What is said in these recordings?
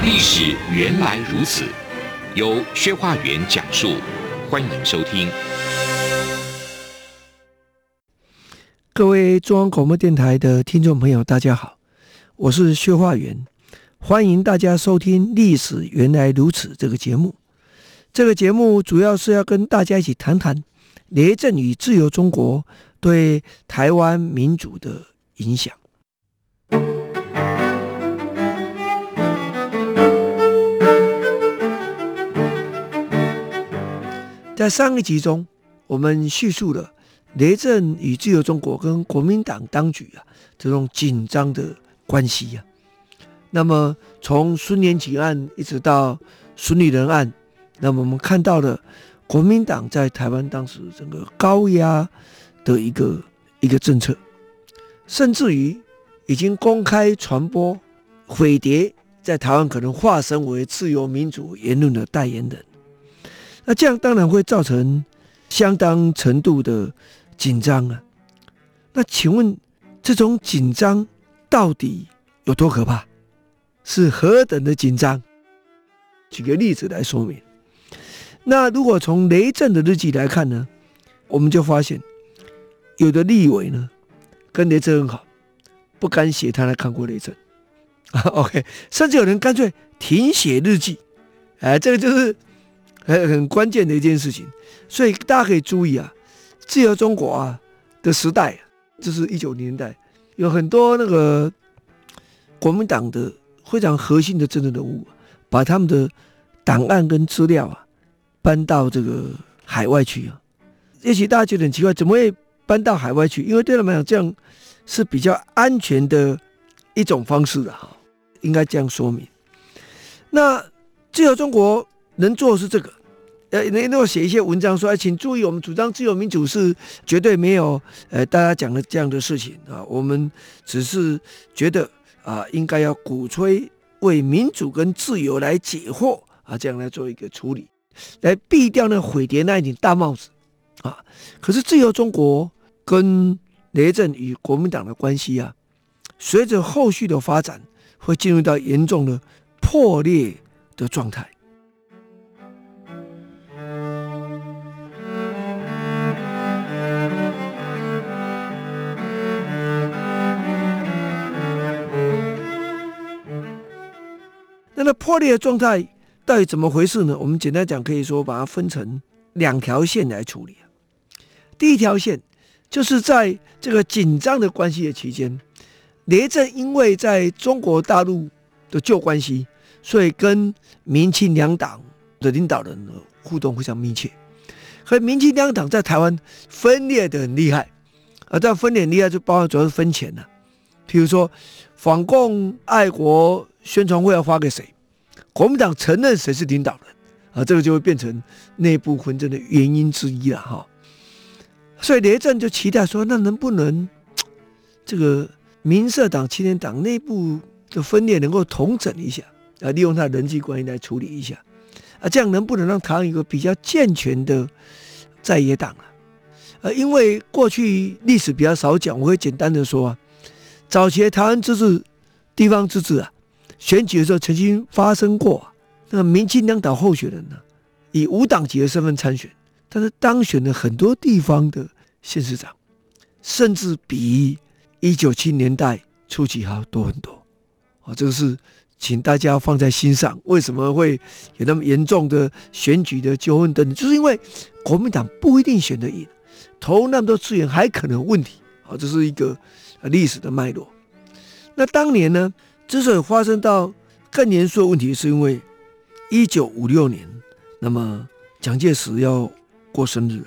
歷史原來如此，由薛化元講述，歡迎收聽。各位中央廣播電台的聽眾朋友，大家好，我是薛化元，歡迎大家收聽《歷史原來如此》這個節目。這個節目主要是要跟大家一起談談雷震與自由中國對台灣民主的影響。在上一集中，我們敘述了雷震與自由中國跟國民黨當局啊，這種緊張的關係呀、啊。那麼從孫元錦案一直到孫立人案，那麼我們看到了國民黨在台灣當時整個高壓的一個一個政策，甚至於已經公開傳播，匪諜，在台灣可能化身為自由民主言論的代言人。那這樣當然會造成相當程度的緊張啊！那請問這種緊張到底有多可怕？是何等的緊張？舉個例子來說明。那如果從雷震的日記來看呢，我們就發現有的立委呢跟雷震很好，不敢寫他來看過雷震啊。 OK，甚至有人乾脆停寫日記。哎、呃，這個就是。很很關鍵的一件事情，所以大家可以注意啊，自由中國啊的時代啊，這是一九年代，有很多那個國民黨的非常核心的政治人物，把他們的檔案跟資料啊搬到這個海外去啊。也許大家覺得很奇怪，怎麼會搬到海外去？因為對他們來講，這樣是比較安全的一種方式的哈，應該這樣說明。那自由中國能做的是這個。呃，那那我寫一些文章說，啊、請注意，我們主張自由民主是絕對沒有，呃，大家講的這樣的事情啊。我們只是覺得啊，應該要鼓吹為民主跟自由來解惑啊，這樣來做一個處理，來避掉那匪諜那一頂大帽子啊。可是，自由中國跟雷震與國民黨的關係啊，隨着後續的發展，會進入到嚴重的破裂的狀態。這破裂的狀態到底怎麼回事呢？我們簡單講，可以說把它分成兩條線來處理啊。第一條線就是在這個緊張的關係的期間，雷震因為在中國大陸的舊關係，所以跟民青兩黨的領導人的互動非常密切。和民青兩黨在台灣分裂得很厲害，而這分裂很厲害就包括主要是分錢呢、啊。譬如說，反共愛國宣傳會要發給誰？國民黨承認誰是領導人啊？這個就會變成內部紛爭的原因之一了哈。所以雷震就期待說，那能不能這個民社黨、青年黨內部的分裂能夠重整一下啊？利用他的人際關係來處理一下啊？這樣能不能讓台灣一個比較健全的在野黨啊？啊因為過去歷史比較少講，我會簡單的說啊，早前台灣自治、地方自治啊。選舉的時候曾經發生過、啊，那民進兩黨候選人呢，以無黨籍的身份參選，但是當選了很多地方的縣市長，甚至比一九七零年代初期還要多很多。啊，這個是請大家放在心上。為什麼會有那麼嚴重的選舉的糾紛等等？就是因為國民黨不一定選得贏，投那麼多資源還可能問題。啊，這是一個歷史的脈絡。那當年呢？之所以發生到更嚴肅的問題，是因為一九五六年，那麼蔣介石要過生日了。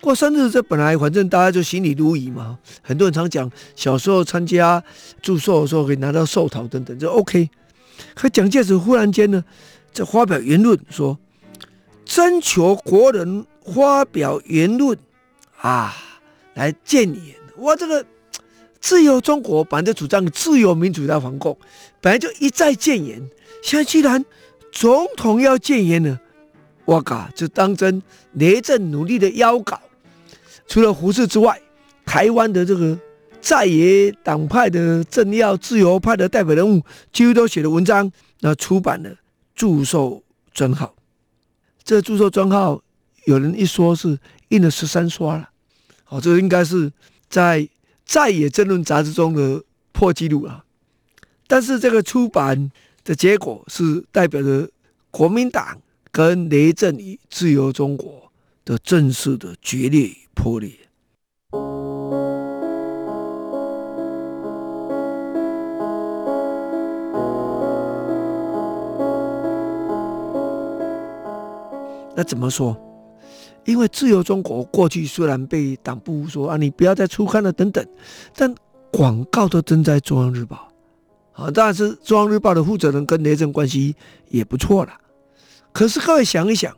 過生日這本來反正大家就心裡如意嘛，很多人常講小時候參加祝壽的時候可以拿到壽桃等等，就 OK。可蔣介石忽然間呢，就發表言論說，徵求國人發表言論啊，來建言。我這個。自由中國本來就主張自由民主的反共，本來就一再建言，現在既然總統要建言了，哇嘎，就當真雷震，努力的邀稿。除了胡適之外，台灣的這個在野黨派的政要、自由派的代表人物，幾乎都寫的文章，那出版了祝壽專號。這個祝壽專號，有人一說是印了十三刷了。好，哦，這個應該是在，在《野政論》雜誌中的破紀錄了，但是這個出版的結果是代表着國民黨跟雷震與自由中國的正式的決裂與破裂。那怎麼說？因為自由中國過去雖然被黨部說啊，你不要再出刊了等等，但廣告都登在中央日報，啊，當然是中央日報的負責人跟雷震關係也不錯啦。可是各位想一想，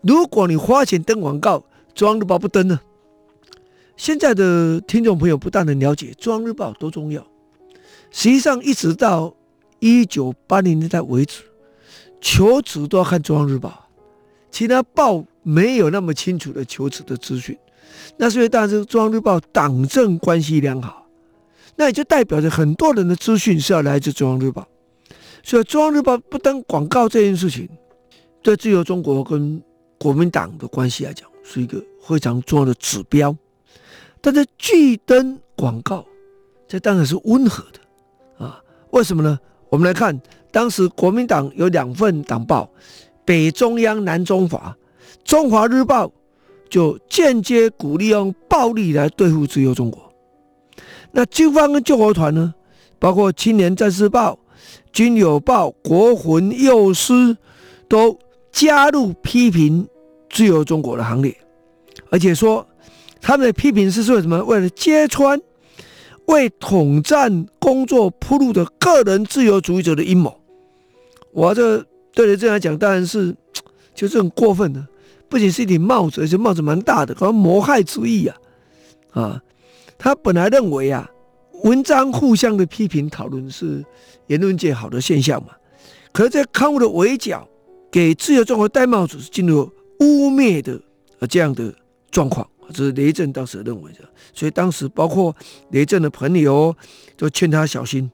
如果你花錢登廣告，中央日報不登呢？現在的聽眾朋友不但能了解中央日報多重要，實際上一直到一九八零年代為止，求職都要看中央日報。其他報沒有那麼清楚的求職的資訊，那所以當時中央日報黨政關係良好，那也就代表着很多人的資訊是要來自中央日報，所以中央日報不登廣告這件事情，對自由中國跟國民黨的關係來講是一個非常重要的指標。但是拒登廣告，這當然是溫和的，啊，為什麼呢？我們來看，當時國民黨有兩份黨報。北中央南中華，《中華日報》就間接鼓勵用暴力來對付自由中國。那軍方跟救國團呢，包括《青年戰士報》、《軍友報》、《國魂幼師》，都加入批評自由中國的行列，而且說他們的批評是說什麼？為了揭穿為統戰工作鋪路的個人自由主義者的陰謀。我這。對雷震來講，當然是就是很過分的，啊，不僅是一頂帽子，而且帽子蠻大的，好像謀害之意啊啊！他本來認為啊，文章互相的批評討論是言論界好的現象嘛，可是在刊物的圍剿，給自由中國戴帽子，是進入污蔑的，呃、啊、這樣的狀況，這是雷震當時認為的。所以當時包括雷震的朋友都勸他小心，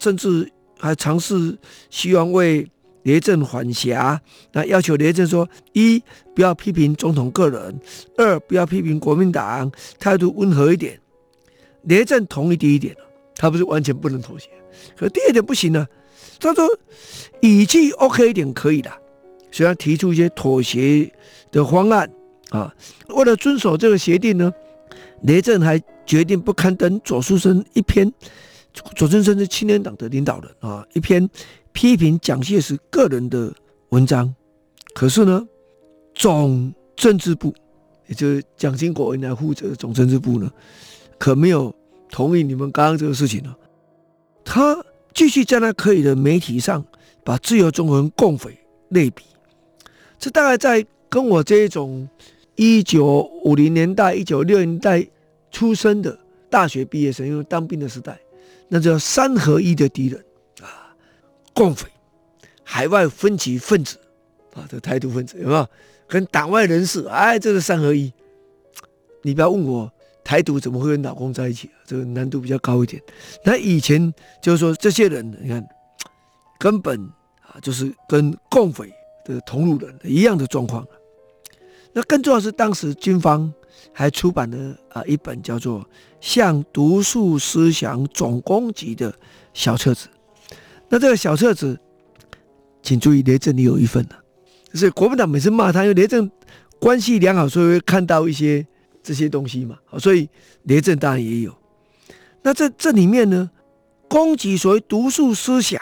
甚至還嘗試希望為雷震緩頰，那要求雷震說：一不要批評總統個人，二不要批評國民黨，態度溫和一點。雷震同意第一點、哦、他不是完全不能妥協。可第二點不行呢、啊？他說語氣 OK 一點可以的，雖然提出一些妥協的方案啊。為了遵守這個協定呢，雷震還決定不刊登左舜生一篇。左舜生是青年黨的領導人啊、哦，一篇。批評蔣介石個人的文章，可是呢，總政治部，也就是蔣經國原來負責的總政治部呢，可沒有同意你們剛剛這個事情呢。他繼續在那可以的媒體上把自由中國人、共匪類比，這大概在跟我這一種一九五零年代、一九六零年代出生的大學畢業生，因為當兵的時代，那叫三合一的敵人。共匪、海外分歧分子啊，這台獨分子有沒有跟黨外人士？哎，這個三合一。你不要問我台獨怎麼會跟老公在一起，這個難度比較高一點。那以前就是說，這些人你看，根本啊，就是跟共匪的同路人一樣的狀況。那更重要的是，當時軍方還出版了啊一本叫做《向毒素思想總攻擊》的小冊子。那這個小冊子，請注意，雷震也有一份，啊、就是國民黨每次罵他，因為雷震關係良好，所以會看到一些這些東西嘛。所以雷震當然也有。那這這裡面呢，攻擊所謂毒素思想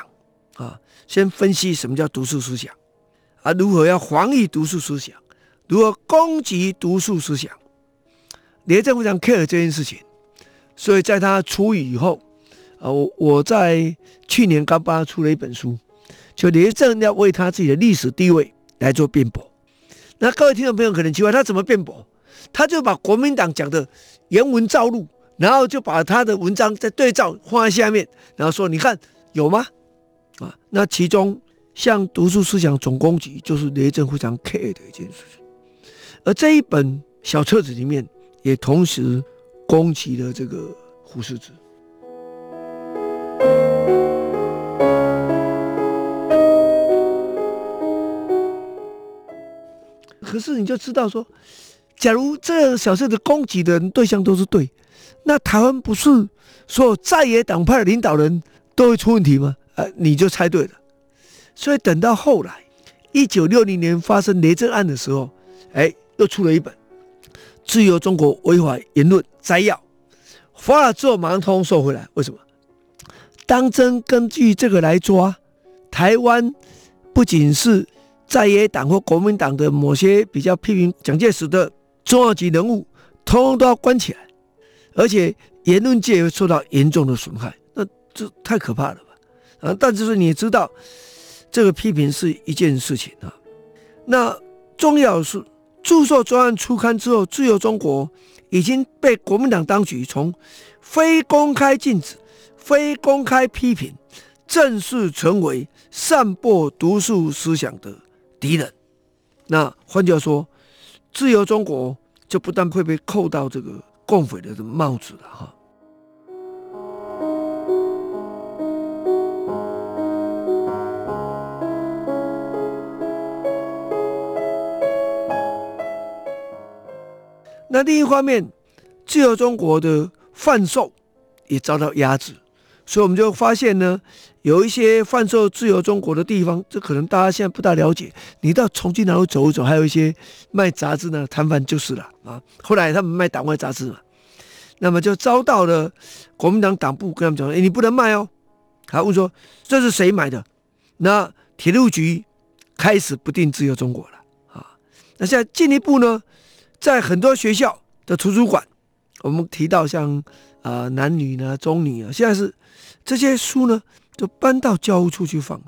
啊，先分析什麼叫毒素思想啊，如何要防疫毒素思想，如何攻擊毒素思想。雷震非常 care 這件事情，所以在他出獄以後，啊，我我在去年剛幫他出了一本書，就雷震要為他自己的歷史地位來做辯駁。那各位聽眾朋友可能奇怪，他怎麼辯駁？他就把國民黨講的原文照錄，然後就把他的文章再對照放在下面，然後說：“你看有嗎？”啊，那其中像毒素思想總攻擊，就是雷震非常 care 的一件事情。而這一本小冊子裡面，也同時攻擊了這個胡適之。可是你就知道說，假如這小事的攻擊的人對象都是對，那台灣不是所有在野黨派的領導人都會出問題嗎？啊、呃，你就猜對了。所以等到後來，一九六零年發生雷震案的時候，哎、欸，又出了一本《自由中國違法言論摘要》，發了之後馬上通通收回來，為什麼？當真根據這個來抓台灣，不僅是。在野黨或國民黨的某些比較批評蔣介石的重要級人物，通通都要關起來，而且言論界也會受到嚴重的損害。那這太可怕了吧？啊，但是你知道，這個批評是一件事情啊。那重要的是，祝壽專案出刊之後，《自由中國》已經被國民黨當局從非公開禁止、非公開批評，正式成為散播毒素思想的敵人，那換句話說，自由中國就不但會被扣到這個共匪的帽子了，哈。那另一方面，自由中國的販售也遭到壓制。所以我們就發現呢，有一些販售自由中國的地方，這可能大家現在不大了解。你到重慶南路走一走，還有一些賣雜誌的攤販就是了啊。後來他們賣黨外雜誌嘛，那麼就遭到了國民黨黨部跟他們講：“哎，你不能賣哦。”他問說：“這是誰買的？”那鐵路局開始不定自由中國了啊。那現在進一步呢，在很多學校的圖書館，我們提到像。啊、呃，男女呢，中女啊，現在是這些書呢，就搬到教務處去放了，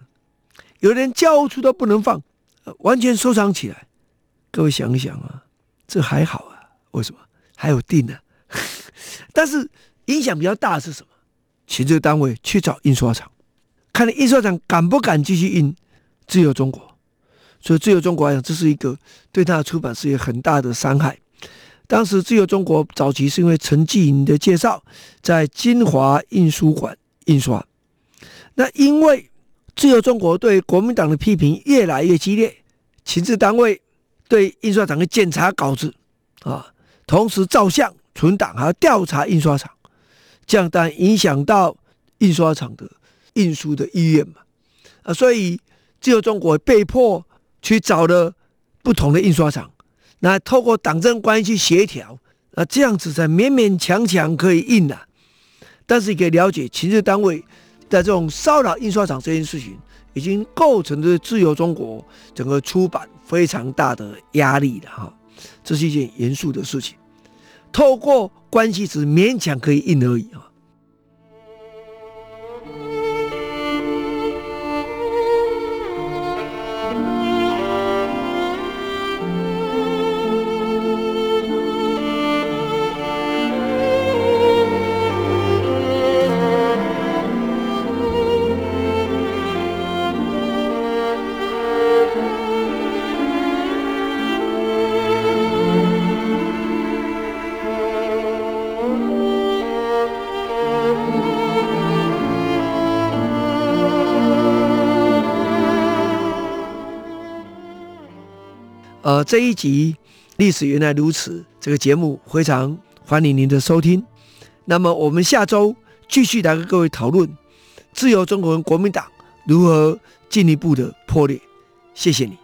有的連教務處都不能放，呃，完全收藏起來。各位想一想啊，這還好啊，為什麼還有定呢、啊？ 但是影響比較大的是什麼？請這個單位去找印刷廠，看你印刷廠敢不敢繼續印《自由中國》。所以《自由中國》來講，這是一個對他的出版事業很大的傷害。當時《自由中國》早期是因為陳季雲的介紹，在金華印書館印刷。那因為《自由中國》對國民黨的批評越來越激烈，情治單位對印刷廠的檢查稿子啊，同時照相存檔，還要調查印刷廠，這樣當然影響到印刷廠的印書的意願嘛啊，所以《自由中國》被迫去找了不同的印刷廠。那透過黨政關係協調，那這樣子才勉勉強強可以印了，啊，但是你可以了解，情治單位在這種騷擾印刷廠這件事情，已經構成了自由中國整個出版非常大的壓力了哈，這是一件嚴肅的事情，透過關係只勉強可以印而已啊。這一集《歷史原來如此》這個節目非常歡迎您的收聽，那麼我們下周繼續來跟各位討論自由中國與國民黨如何進一步的破裂。謝謝你。